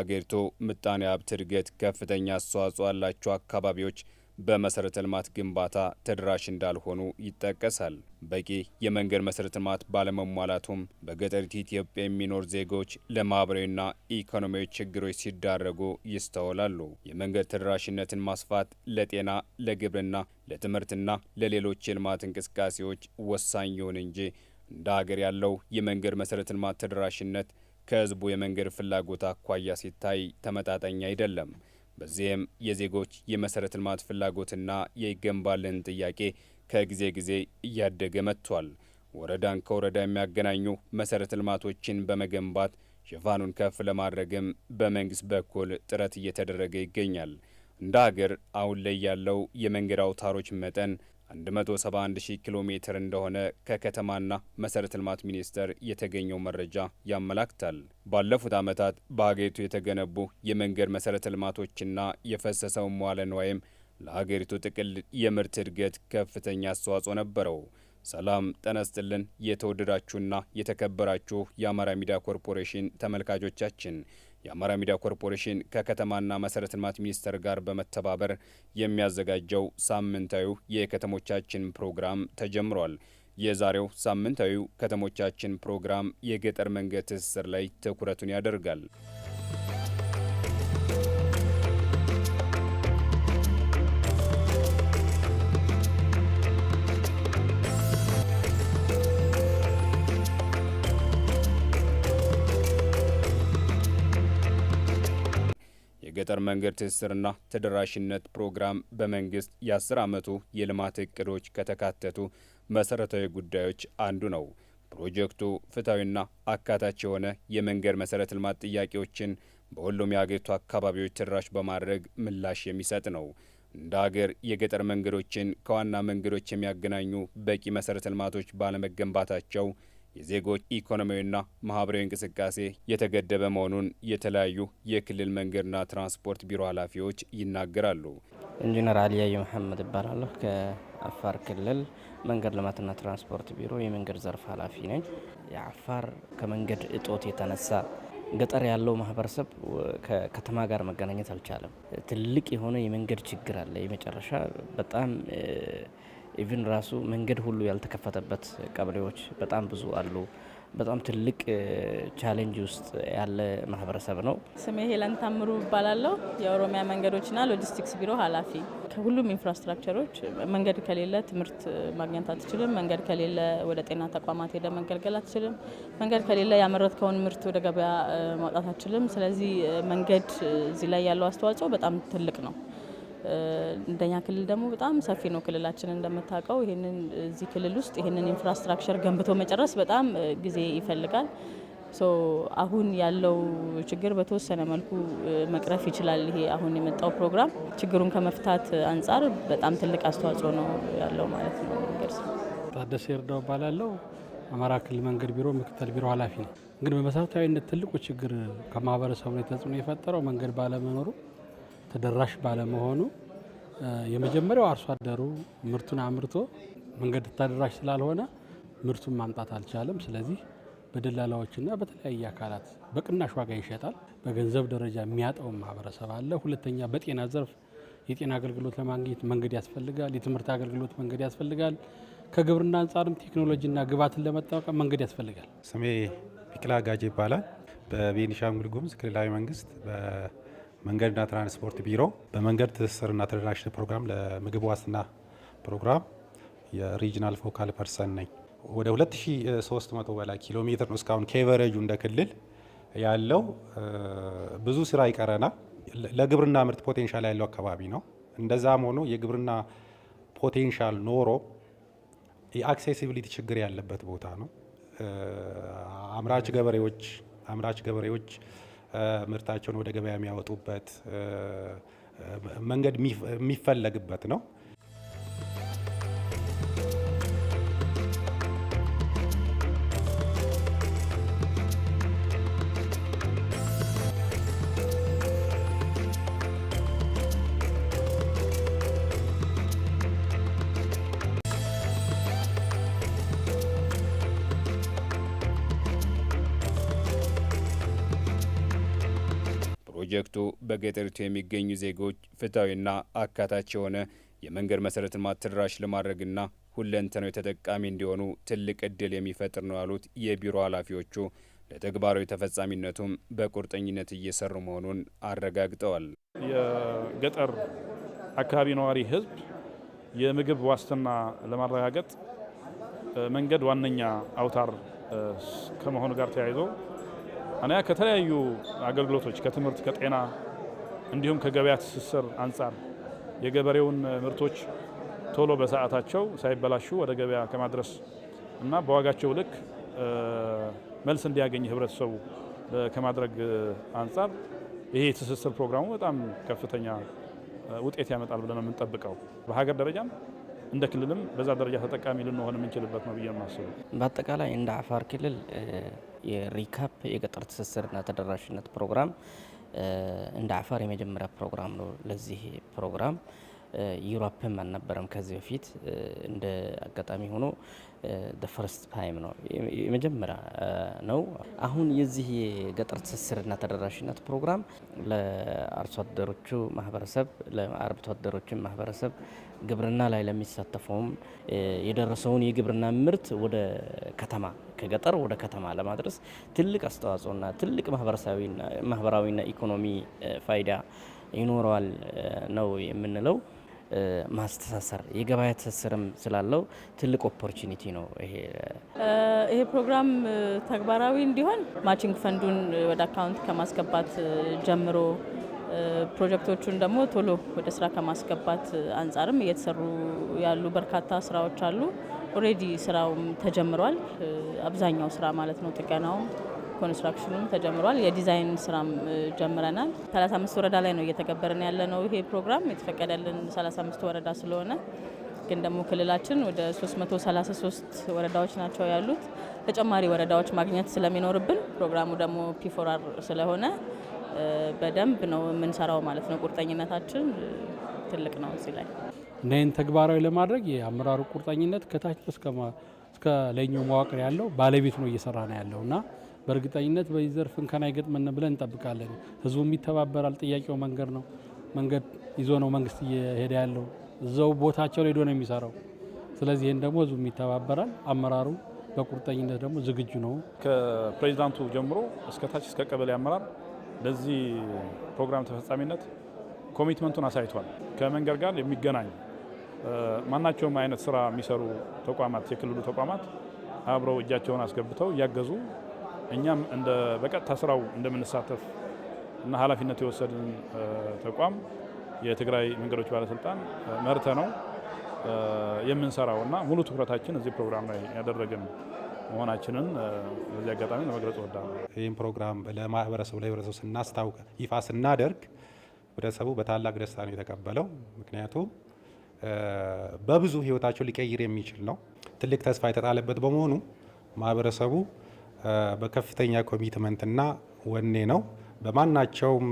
ለአገሪቱ ምጣኔ ሀብት እድገት ከፍተኛ አስተዋጽኦ ያላቸው አካባቢዎች በመሰረተ ልማት ግንባታ ተደራሽ እንዳልሆኑ ይጠቀሳል። በቂ የመንገድ መሰረተ ልማት ባለመሟላቱም በገጠሪቱ ኢትዮጵያ የሚኖር ዜጎች ለማህበራዊና ኢኮኖሚያዊ ችግሮች ሲዳረጉ ይስተዋላሉ። የመንገድ ተደራሽነትን ማስፋት ለጤና፣ ለግብርና፣ ለትምህርትና ለሌሎች የልማት እንቅስቃሴዎች ወሳኝ ይሁን እንጂ እንደ ሀገር ያለው የመንገድ መሰረተ ልማት ተደራሽነት ከህዝቡ የመንገድ ፍላጎት አኳያ ሲታይ ተመጣጣኝ አይደለም። በዚህም የዜጎች የመሰረተ ልማት ፍላጎትና የይገንባልን ጥያቄ ከጊዜ ጊዜ እያደገ መጥቷል። ወረዳን ከወረዳ የሚያገናኙ መሰረተ ልማቶችን በመገንባት ሽፋኑን ከፍ ለማድረግም በመንግስት በኩል ጥረት እየተደረገ ይገኛል። እንደ ሀገር አሁን ላይ ያለው የመንገድ አውታሮች መጠን 171,000 ኪሎ ሜትር እንደሆነ ከከተማና መሰረተ ልማት ሚኒስቴር የተገኘው መረጃ ያመላክታል። ባለፉት ዓመታት በሀገሪቱ የተገነቡ የመንገድ መሰረተ ልማቶችና የፈሰሰው መዋለ ንዋይም ለሀገሪቱ ጥቅል የምርት እድገት ከፍተኛ አስተዋጽኦ ነበረው። ሰላም ጠነስጥልን የተወደዳችሁና የተከበራችሁ የአማራ ሚዲያ ኮርፖሬሽን ተመልካቾቻችን የአማራ ሚዲያ ኮርፖሬሽን ከከተማና መሰረተ ልማት ሚኒስቴር ጋር በመተባበር የሚያዘጋጀው ሳምንታዊው የከተሞቻችን ፕሮግራም ተጀምሯል። የዛሬው ሳምንታዊው ከተሞቻችን ፕሮግራም የገጠር መንገድ ትስስር ላይ ትኩረቱን ያደርጋል። የገጠር መንገድ ትስስርና ተደራሽነት ፕሮግራም በመንግስት የአስር ዓመቱ የልማት እቅዶች ከተካተቱ መሰረታዊ ጉዳዮች አንዱ ነው። ፕሮጀክቱ ፍትሐዊና አካታች የሆነ የመንገድ መሰረተ ልማት ጥያቄዎችን በሁሉም የአገሪቱ አካባቢዎች ተደራሽ በማድረግ ምላሽ የሚሰጥ ነው። እንደ ሀገር የገጠር መንገዶችን ከዋና መንገዶች የሚያገናኙ በቂ መሰረተ ልማቶች ባለመገንባታቸው የዜጎች ኢኮኖሚያዊና ማህበራዊ እንቅስቃሴ የተገደበ መሆኑን የተለያዩ የክልል መንገድና ትራንስፖርት ቢሮ ኃላፊዎች ይናገራሉ። ኢንጂነር አልያየ መሐመድ እባላለሁ። ከአፋር ክልል መንገድ ልማትና ትራንስፖርት ቢሮ የመንገድ ዘርፍ ኃላፊ ነኝ። የአፋር ከመንገድ እጦት የተነሳ ገጠር ያለው ማህበረሰብ ከከተማ ጋር መገናኘት አልቻለም። ትልቅ የሆነ የመንገድ ችግር አለ። የመጨረሻ በጣም ኢቭን ራሱ መንገድ ሁሉ ያልተከፈተበት ቀበሌዎች በጣም ብዙ አሉ። በጣም ትልቅ ቻሌንጅ ውስጥ ያለ ማህበረሰብ ነው። ስሜ ሄለን ታምሩ እባላለሁ። የኦሮሚያ መንገዶችና ሎጂስቲክስ ቢሮ ኃላፊ። ከሁሉም ኢንፍራስትራክቸሮች መንገድ ከሌለ ትምህርት ማግኘት አትችልም። መንገድ ከሌለ ወደ ጤና ተቋማት ሄደ መገልገል አትችልም። መንገድ ከሌለ ያመረትከውን ምርት ወደ ገበያ ማውጣት አትችልም። ስለዚህ መንገድ እዚህ ላይ ያለው አስተዋጽኦ በጣም ትልቅ ነው። እንደኛ ክልል ደግሞ በጣም ሰፊ ነው ክልላችን እንደምታውቀው። ይህንን እዚህ ክልል ውስጥ ይህንን ኢንፍራስትራክቸር ገንብቶ መጨረስ በጣም ጊዜ ይፈልጋል። ሶ አሁን ያለው ችግር በተወሰነ መልኩ መቅረፍ ይችላል። ይሄ አሁን የመጣው ፕሮግራም ችግሩን ከመፍታት አንጻር በጣም ትልቅ አስተዋጽኦ ነው ያለው ማለት ነው። ገርስ ታደሰ ይርዳው እባላለሁ። አማራ ክልል መንገድ ቢሮ ምክትል ቢሮ ኃላፊ ነው። እንግዲህ በመሰረታዊነት ትልቁ ችግር ከማህበረሰቡ ላይ ተጽዕኖ የፈጠረው መንገድ ባለመኖሩ ተደራሽ ባለመሆኑ የመጀመሪያው አርሶ አደሩ ምርቱን አምርቶ መንገድ ተደራሽ ስላልሆነ ምርቱን ማምጣት አልቻለም። ስለዚህ በደላላዎችና በተለያየ አካላት በቅናሽ ዋጋ ይሸጣል። በገንዘብ ደረጃ የሚያጠው ማህበረሰብ አለ። ሁለተኛ በጤና ዘርፍ የጤና አገልግሎት ለማግኘት መንገድ ያስፈልጋል። የትምህርት አገልግሎት መንገድ ያስፈልጋል። ከግብርና አንጻርም ቴክኖሎጂና ግብዓትን ለመጠቀም መንገድ ያስፈልጋል። ስሜ ቢቅላ ጋጅ ይባላል። በቤኒሻንጉል ጉሙዝ ክልላዊ መንግስት መንገድና ትራንስፖርት ቢሮ በመንገድ ትስስርና ተደራሽነት ፕሮግራም ለምግብ ዋስትና ፕሮግራም የሪጅናል ፎካል ፐርሰን ነኝ። ወደ 2300 በላይ ኪሎ ሜትር ነው እስካሁን ኬቨሬጁ እንደ ክልል ያለው። ብዙ ስራ ይቀረናል። ለግብርና ምርት ፖቴንሻል ያለው አካባቢ ነው። እንደዛም ሆኖ የግብርና ፖቴንሻል ኖሮ የአክሴሲቢሊቲ ችግር ያለበት ቦታ ነው። አምራች ገበሬዎች አምራች ገበሬዎች ምርታቸውን ወደ ገበያ የሚያወጡበት መንገድ የሚፈለግበት ነው። ፕሮጀክቱ በገጠሪቱ የሚገኙ ዜጎች ፍትሐዊና አካታች የሆነ የመንገድ መሰረተ ልማት ተደራሽ ለማድረግና ሁለንተናዊ ተጠቃሚ እንዲሆኑ ትልቅ እድል የሚፈጥር ነው ያሉት የቢሮ ኃላፊዎቹ ለተግባራዊ ተፈጻሚነቱም በቁርጠኝነት እየሰሩ መሆኑን አረጋግጠዋል። የገጠር አካባቢ ነዋሪ ህዝብ የምግብ ዋስትና ለማረጋገጥ መንገድ ዋነኛ አውታር ከመሆኑ ጋር ተያይዞ እና ከተለያዩ አገልግሎቶች ከትምህርት፣ ከጤና እንዲሁም ከገበያ ትስስር አንጻር የገበሬውን ምርቶች ቶሎ በሰዓታቸው ሳይበላሹ ወደ ገበያ ከማድረስ እና በዋጋቸው ልክ መልስ እንዲያገኝ ህብረተሰቡ ከማድረግ አንጻር ይሄ የትስስር ፕሮግራሙ በጣም ከፍተኛ ውጤት ያመጣል ብለን የምንጠብቀው በሀገር ደረጃም እንደ ክልልም በዛ ደረጃ ተጠቃሚ ልንሆን የምንችልበት ነው ብዬ ነው በአጠቃላይ እንደ አፋር ክልል የሪካፕ የገጠር ትስስርና ተደራሽነት ፕሮግራም እንደ አፋር የመጀመሪያ ፕሮግራም ነው። ለዚህ ፕሮግራም ዩሮፕም አልነበረም ከዚህ በፊት እንደ አጋጣሚ ሆኖ ፈርስት ታይም ነው የመጀመሪያ ነው። አሁን የዚህ የገጠር ትስስርና ተደራሽነት ፕሮግራም ለአርሶ አደሮቹ ማህበረሰብ ለአርብቶ አደሮችን ማህበረሰብ ግብርና ላይ ለሚሳተፈውም የደረሰውን የግብርና ምርት ወደ ከተማ ከገጠር ወደ ከተማ ለማድረስ ትልቅ አስተዋጽኦና ትልቅ ማህበራዊና ኢኮኖሚ ፋይዳ ይኖረዋል ነው የምንለው። ማስተሳሰር የገበያ ትስስርም ስላለው ትልቅ ኦፖርቹኒቲ ነው። ይሄ ይሄ ፕሮግራም ተግባራዊ እንዲሆን ማቺንግ ፈንዱን ወደ አካውንት ከማስገባት ጀምሮ ፕሮጀክቶቹን ደግሞ ቶሎ ወደ ስራ ከማስገባት አንጻርም እየተሰሩ ያሉ በርካታ ስራዎች አሉ። ኦልሬዲ ስራውም ተጀምሯል። አብዛኛው ስራ ማለት ነው ጥገናውም ኮንስትራክሽኑም ተጀምሯል። የዲዛይን ስራም ጀምረናል። 35 ወረዳ ላይ ነው እየተገበረን ያለ ነው ይሄ ፕሮግራም የተፈቀደልን 35 ወረዳ ስለሆነ ግን ደግሞ ክልላችን ወደ 333 ወረዳዎች ናቸው ያሉት። ተጨማሪ ወረዳዎች ማግኘት ስለሚኖርብን ፕሮግራሙ ደግሞ ፒፎራር ስለሆነ በደንብ ነው የምንሰራው ማለት ነው። ቁርጠኝነታችን ትልቅ ነው። እዚህ ላይ እነዚህን ተግባራዊ ለማድረግ የአመራሩ ቁርጠኝነት ከታች እስከ ላይኛው መዋቅር ያለው ባለቤት ነው እየሰራ ነው ያለው እና በእርግጠኝነት በዚህ ዘርፍ እንከን አይገጥመን ብለን እንጠብቃለን። ህዝቡም ይተባበራል። ጥያቄው መንገድ ነው። መንገድ ይዞ ነው መንግስት እየሄደ ያለው። እዛው ቦታቸው ላይ ሄዶ ነው የሚሰራው። ስለዚህ ይህን ደግሞ ህዝቡም ይተባበራል። አመራሩ በቁርጠኝነት ደግሞ ዝግጁ ነው። ከፕሬዚዳንቱ ጀምሮ እስከ ታች እስከ ቀበሌ አመራር ለዚህ ፕሮግራም ተፈጻሚነት ኮሚትመንቱን አሳይቷል። ከመንገድ ጋር የሚገናኝ ማናቸውም አይነት ስራ የሚሰሩ ተቋማት የክልሉ ተቋማት አብረው እጃቸውን አስገብተው እያገዙ እኛም በቀጥታ ስራው እንደምንሳተፍ እና ኃላፊነት የወሰድን ተቋም የትግራይ መንገዶች ባለስልጣን መርተ ነው የምንሰራው እና ሙሉ ትኩረታችን እዚህ ፕሮግራም ላይ ያደረግን መሆናችንን በዚህ አጋጣሚ ለመግለጽ እወዳለሁ። ይህም ፕሮግራም ለማህበረሰቡ ለህብረተሰቡ ስናስታውቅ ይፋ ስናደርግ ህብረተሰቡ በታላቅ ደስታ ነው የተቀበለው። ምክንያቱም በብዙ ህይወታቸው ሊቀይር የሚችል ነው። ትልቅ ተስፋ የተጣለበት በመሆኑ ማህበረሰቡ በከፍተኛ ኮሚትመንትና ወኔ ነው። በማናቸውም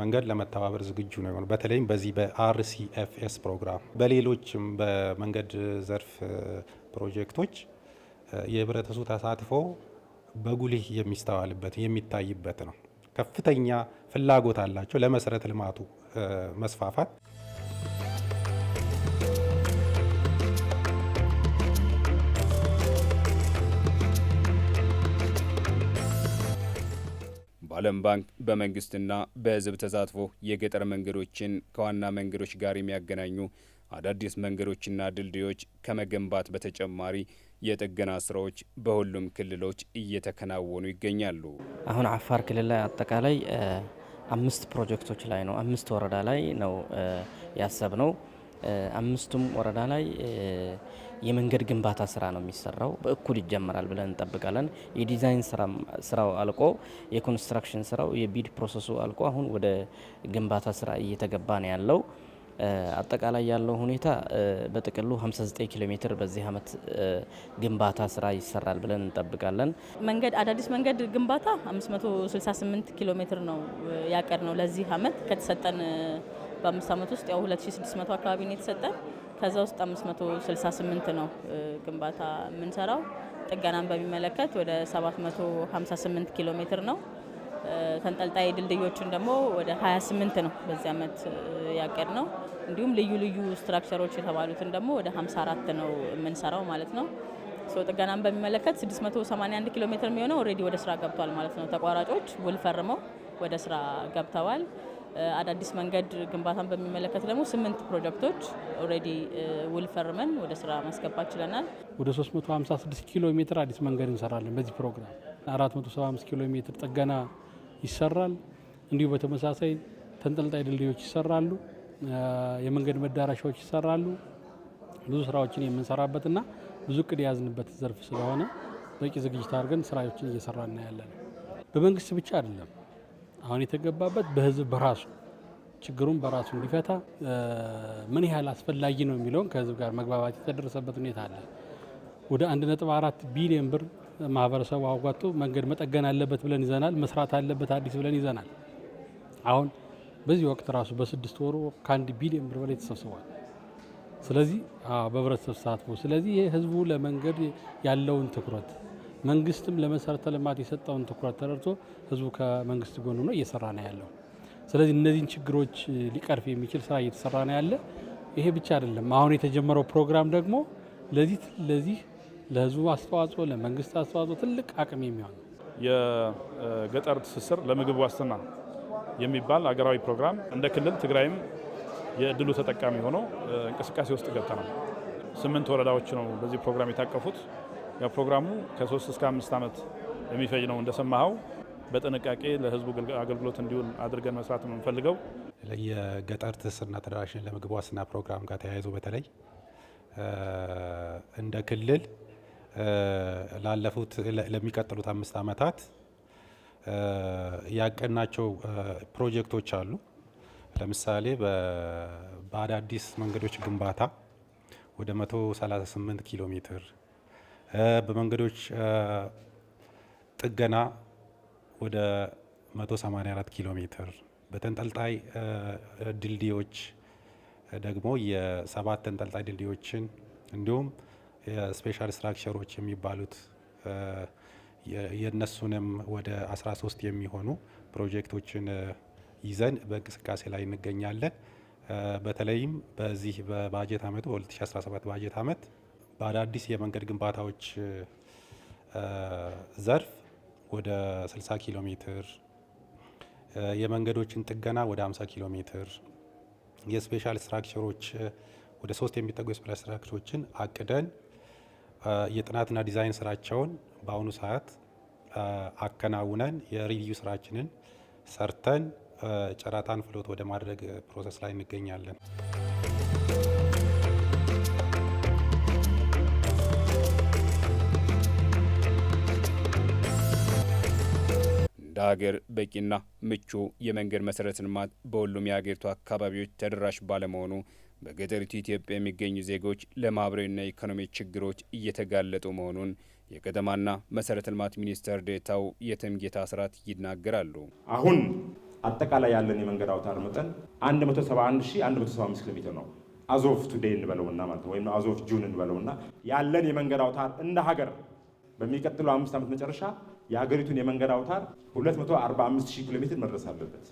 መንገድ ለመተባበር ዝግጁ ነው የሆነው። በተለይም በዚህ በአርሲኤፍኤስ ፕሮግራም፣ በሌሎችም በመንገድ ዘርፍ ፕሮጀክቶች የህብረተሰቡ ተሳትፎ በጉልህ የሚስተዋልበት የሚታይበት ነው። ከፍተኛ ፍላጎት አላቸው ለመሰረተ ልማቱ መስፋፋት በዓለም ባንክ በመንግስትና በህዝብ ተሳትፎ የገጠር መንገዶችን ከዋና መንገዶች ጋር የሚያገናኙ አዳዲስ መንገዶችና ድልድዮች ከመገንባት በተጨማሪ የጥገና ስራዎች በሁሉም ክልሎች እየተከናወኑ ይገኛሉ። አሁን አፋር ክልል ላይ አጠቃላይ አምስት ፕሮጀክቶች ላይ ነው አምስት ወረዳ ላይ ነው ያሰብ ነው። አምስቱም ወረዳ ላይ የመንገድ ግንባታ ስራ ነው የሚሰራው። በእኩል ይጀመራል ብለን እንጠብቃለን። የዲዛይን ስራው አልቆ የኮንስትራክሽን ስራው የቢድ ፕሮሰሱ አልቆ አሁን ወደ ግንባታ ስራ እየተገባ ነው ያለው። አጠቃላይ ያለው ሁኔታ በጥቅሉ 59 ኪሎ ሜትር በዚህ አመት ግንባታ ስራ ይሰራል ብለን እንጠብቃለን። መንገድ አዳዲስ መንገድ ግንባታ 568 ኪሎ ሜትር ነው ያቀድ ነው ለዚህ ዓመት ከተሰጠን በአምስት ዓመት ውስጥ ያው 2600 አካባቢ ነው የተሰጠን ከዛ ውስጥ 568 ነው ግንባታ የምንሰራው። ጥገናን በሚመለከት ወደ 758 ኪሎ ሜትር ነው። ተንጠልጣይ ድልድዮችን ደግሞ ወደ 28 ነው በዚህ ዓመት ያቀድ ነው። እንዲሁም ልዩ ልዩ ስትራክቸሮች የተባሉትን ደግሞ ወደ 54 ነው የምንሰራው ማለት ነው። ጥገናን በሚመለከት 681 ኪሎ ሜትር የሚሆነው ኦልሬዲ ወደ ስራ ገብቷል ማለት ነው። ተቋራጮች ውል ፈርመው ወደ ስራ ገብተዋል። አዳዲስ መንገድ ግንባታን በሚመለከት ደግሞ ስምንት ፕሮጀክቶች ኦልሬዲ ውል ፈርመን ወደ ስራ ማስገባት ችለናል። ወደ 356 ኪሎ ሜትር አዲስ መንገድ እንሰራለን። በዚህ ፕሮግራም 475 ኪሎ ሜትር ጥገና ይሰራል። እንዲሁ በተመሳሳይ ተንጠልጣይ ድልድዮች ይሰራሉ፣ የመንገድ መዳረሻዎች ይሰራሉ። ብዙ ስራዎችን የምንሰራበትና ብዙ እቅድ የያዝንበት ዘርፍ ስለሆነ በቂ ዝግጅት አድርገን ስራዎችን እየሰራ እናያለን። በመንግስት ብቻ አይደለም አሁን የተገባበት በህዝብ በራሱ ችግሩን በራሱ እንዲፈታ ምን ያህል አስፈላጊ ነው የሚለውን ከህዝብ ጋር መግባባት የተደረሰበት ሁኔታ አለ። ወደ 1.4 ቢሊዮን ብር ማህበረሰቡ አዋጥቶ መንገድ መጠገን አለበት ብለን ይዘናል። መስራት አለበት አዲስ ብለን ይዘናል። አሁን በዚህ ወቅት ራሱ በስድስት ወሩ ከአንድ ቢሊዮን ብር በላይ ተሰብስቧል። ስለዚህ በህብረተሰብ ተሳትፎ ስለዚህ ህዝቡ ለመንገድ ያለውን ትኩረት መንግስትም ለመሰረተ ልማት የሰጠውን ትኩረት ተረድቶ ህዝቡ ከመንግስት ጎን ሆኖ እየሰራ ነው ያለው። ስለዚህ እነዚህን ችግሮች ሊቀርፍ የሚችል ስራ እየተሰራ ነው ያለ። ይሄ ብቻ አይደለም። አሁን የተጀመረው ፕሮግራም ደግሞ ለዚህ ለዚህ ለህዝቡ አስተዋጽኦ ለመንግስት አስተዋጽኦ ትልቅ አቅም የሚሆን የገጠር ትስስር ለምግብ ዋስትና የሚባል አገራዊ ፕሮግራም እንደ ክልል ትግራይም የእድሉ ተጠቃሚ ሆኖ እንቅስቃሴ ውስጥ ገብተናል። ስምንት ወረዳዎች ነው በዚህ ፕሮግራም የታቀፉት። ያፕሮግራሙ ፕሮግራሙ ከሶስት እስከ አምስት ዓመት የሚፈጅ ነው እንደሰማኸው። በጥንቃቄ ለህዝቡ አገልግሎት እንዲውል አድርገን መስራት ነው የምንፈልገው። የገጠር ትስስርና ተደራሽን ለምግብ ዋስትና ፕሮግራም ጋር ተያይዞ በተለይ እንደ ክልል ላለፉት ለሚቀጥሉት አምስት ዓመታት ያቀናቸው ፕሮጀክቶች አሉ። ለምሳሌ በአዳዲስ መንገዶች ግንባታ ወደ 138 ኪሎ ሜትር በመንገዶች ጥገና ወደ 184 ኪሎ ሜትር በተንጠልጣይ ድልድዮች ደግሞ የሰባት ተንጠልጣይ ድልድዮችን እንዲሁም የስፔሻል ስትራክቸሮች የሚባሉት የእነሱንም ወደ 13 የሚሆኑ ፕሮጀክቶችን ይዘን በእንቅስቃሴ ላይ እንገኛለን። በተለይም በዚህ በባጀት አመቱ በ2017 ባጀት አመት። በአዳዲስ የመንገድ ግንባታዎች ዘርፍ ወደ 60 ኪሎ ሜትር የመንገዶችን ጥገና ወደ 50 ኪሎ ሜትር የስፔሻል ስትራክቸሮች ወደ ሶስት የሚጠጉ የስፔሻል ስትራክቸሮችን አቅደን የጥናትና ዲዛይን ስራቸውን በአሁኑ ሰዓት አከናውነን የሪቪው ስራችንን ሰርተን ጨረታን ፍሎት ወደ ማድረግ ፕሮሰስ ላይ እንገኛለን። እንደ ሀገር በቂና ምቹ የመንገድ መሰረተ ልማት በሁሉም የሀገሪቱ አካባቢዎች ተደራሽ ባለመሆኑ በገጠሪቱ ኢትዮጵያ የሚገኙ ዜጎች ለማህበራዊና ኢኮኖሚ ችግሮች እየተጋለጡ መሆኑን የከተማና መሰረተ ልማት ሚኒስትር ዴኤታው የትምጌታ አስራት ይናገራሉ። አሁን አጠቃላይ ያለን የመንገድ አውታር መጠን 171175 ኪሎ ሜትር ነው። አዞፍ ቱዴይ እንበለውና ማለት ነው ወይም አዞፍ ጁን እንበለውና ያለን የመንገድ አውታር እንደ ሀገር በሚቀጥለው አምስት ዓመት መጨረሻ የሀገሪቱን የመንገድ አውታር 245 ኪሎ ሜትር መድረስ አለበት።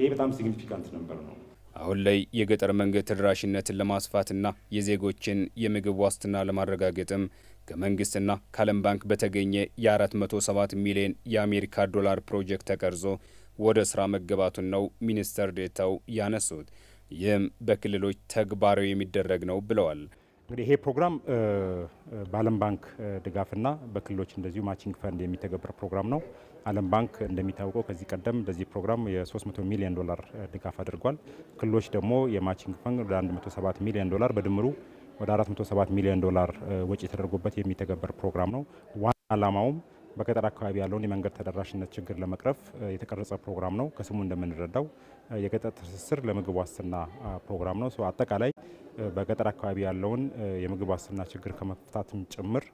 ይሄ በጣም ሲግኒፊካንት ነበር ነው። አሁን ላይ የገጠር መንገድ ተደራሽነትን ለማስፋትና የዜጎችን የምግብ ዋስትና ለማረጋገጥም ከመንግስትና ከዓለም ባንክ በተገኘ የ 47 ሚሊዮን የአሜሪካ ዶላር ፕሮጀክት ተቀርጾ ወደ ስራ መገባቱን ነው ሚኒስተር ዴታው ያነሱት። ይህም በክልሎች ተግባራዊ የሚደረግ ነው ብለዋል። እንግዲህ ይሄ ፕሮግራም በዓለም ባንክ ድጋፍና በክልሎች እንደዚሁ ማቺንግ ፈንድ የሚተገበር ፕሮግራም ነው። ዓለም ባንክ እንደሚታወቀው ከዚህ ቀደም ለዚህ ፕሮግራም የ300 ሚሊዮን ዶላር ድጋፍ አድርጓል። ክልሎች ደግሞ የማቺንግ ፈንድ ወደ 107 ሚሊዮን ዶላር በድምሩ ወደ 407 ሚሊዮን ዶላር ወጪ ተደርጎበት የሚተገበር ፕሮግራም ነው። ዋና ዓላማውም በገጠር አካባቢ ያለውን የመንገድ ተደራሽነት ችግር ለመቅረፍ የተቀረጸ ፕሮግራም ነው። ከስሙ እንደምንረዳው የገጠር ትስስር ለምግብ ዋስትና ፕሮግራም ነው። አጠቃላይ በገጠር አካባቢ ያለውን የምግብ ዋስትና ችግር ከመፍታትም ጭምር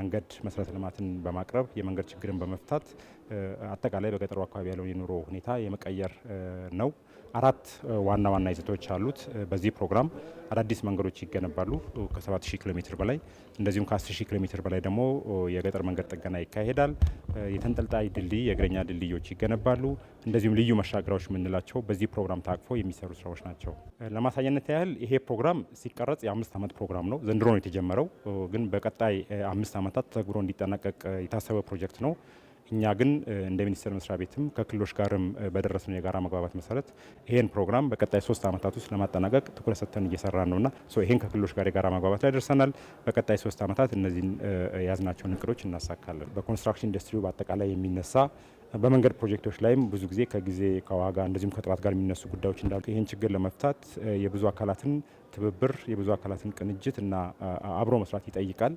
መንገድ መሰረተ ልማትን በማቅረብ የመንገድ ችግርን በመፍታት አጠቃላይ በገጠሩ አካባቢ ያለውን የኑሮ ሁኔታ የመቀየር ነው። አራት ዋና ዋና ይዘቶች አሉት። በዚህ ፕሮግራም አዳዲስ መንገዶች ይገነባሉ ከ7000 ኪሎ ሜትር በላይ እንደዚሁም ከ10000 ኪሎ ሜትር በላይ ደግሞ የገጠር መንገድ ጥገና ይካሄዳል። የተንጠልጣይ ድልድይ፣ የእግረኛ ድልድዮች ይገነባሉ። እንደዚሁም ልዩ መሻገሪያዎች የምንላቸው በዚህ ፕሮግራም ታቅፎ የሚሰሩ ስራዎች ናቸው። ለማሳየነት ያህል ይሄ ፕሮግራም ሲቀረጽ የአምስት ዓመት ፕሮግራም ነው። ዘንድሮ ነው የተጀመረው፣ ግን በቀጣይ አምስት ዓመታት ተግብሮ እንዲጠናቀቅ የታሰበ ፕሮጀክት ነው። እኛ ግን እንደ ሚኒስቴር መስሪያ ቤትም ከክልሎች ጋርም በደረስነው የጋራ መግባባት መሰረት ይሄን ፕሮግራም በቀጣይ ሶስት ዓመታት ውስጥ ለማጠናቀቅ ትኩረት ሰጥተን ነው ነውና ይሄን ከክልሎች ጋር የጋራ መግባባት ላይ ደርሰናል። በቀጣይ ሶስት ዓመታት እነዚህን የያዝናቸውን እቅዶች እናሳካለን። በኮንስትራክሽን ኢንዱስትሪው በአጠቃላይ የሚነሳ በመንገድ ፕሮጀክቶች ላይም ብዙ ጊዜ ከጊዜ ከዋጋ እንደዚሁም ከጥራት ጋር የሚነሱ ጉዳዮች እንዳሉ ይህን ችግር ለመፍታት የብዙ አካላትን ትብብር የብዙ አካላትን ቅንጅት እና አብሮ መስራት ይጠይቃል።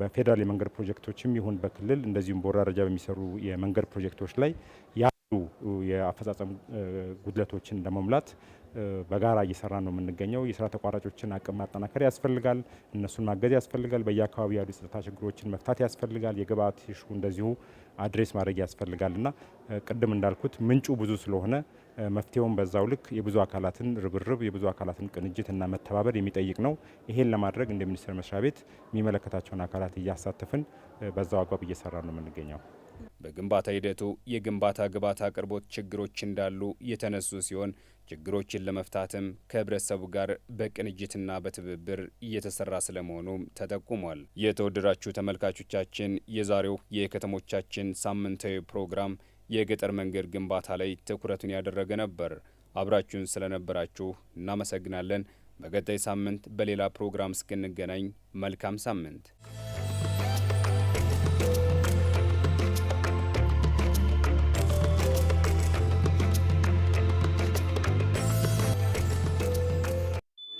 በፌዴራል የመንገድ ፕሮጀክቶችም ይሁን በክልል እንደዚሁም በወረዳ ደረጃ በሚሰሩ የመንገድ ፕሮጀክቶች ላይ ያሉ የአፈጻጸም ጉድለቶችን ለመሙላት በጋራ እየሰራ ነው የምንገኘው። የስራ ተቋራጮችን አቅም ማጠናከር ያስፈልጋል። እነሱን ማገዝ ያስፈልጋል። በየአካባቢ ያሉ የጸጥታ ችግሮችን መፍታት ያስፈልጋል። የግብአት ሹ እንደዚሁ አድሬስ ማድረግ ያስፈልጋል እና ቅድም እንዳልኩት ምንጩ ብዙ ስለሆነ መፍትሄውን በዛው ልክ የብዙ አካላትን ርብርብ የብዙ አካላትን ቅንጅት እና መተባበር የሚጠይቅ ነው። ይሄን ለማድረግ እንደ ሚኒስቴር መስሪያ ቤት የሚመለከታቸውን አካላት እያሳተፍን በዛው አግባብ እየሰራ ነው የምንገኘው። በግንባታ ሂደቱ የግንባታ ግብዓት አቅርቦት ችግሮች እንዳሉ የተነሱ ሲሆን ችግሮችን ለመፍታትም ከህብረተሰቡ ጋር በቅንጅትና በትብብር እየተሰራ ስለመሆኑም ተጠቁሟል። የተወደዳችሁ ተመልካቾቻችን የዛሬው የከተሞቻችን ሳምንታዊ ፕሮግራም የገጠር መንገድ ግንባታ ላይ ትኩረቱን ያደረገ ነበር። አብራችሁን ስለነበራችሁ እናመሰግናለን። በቀጣይ ሳምንት በሌላ ፕሮግራም እስክንገናኝ መልካም ሳምንት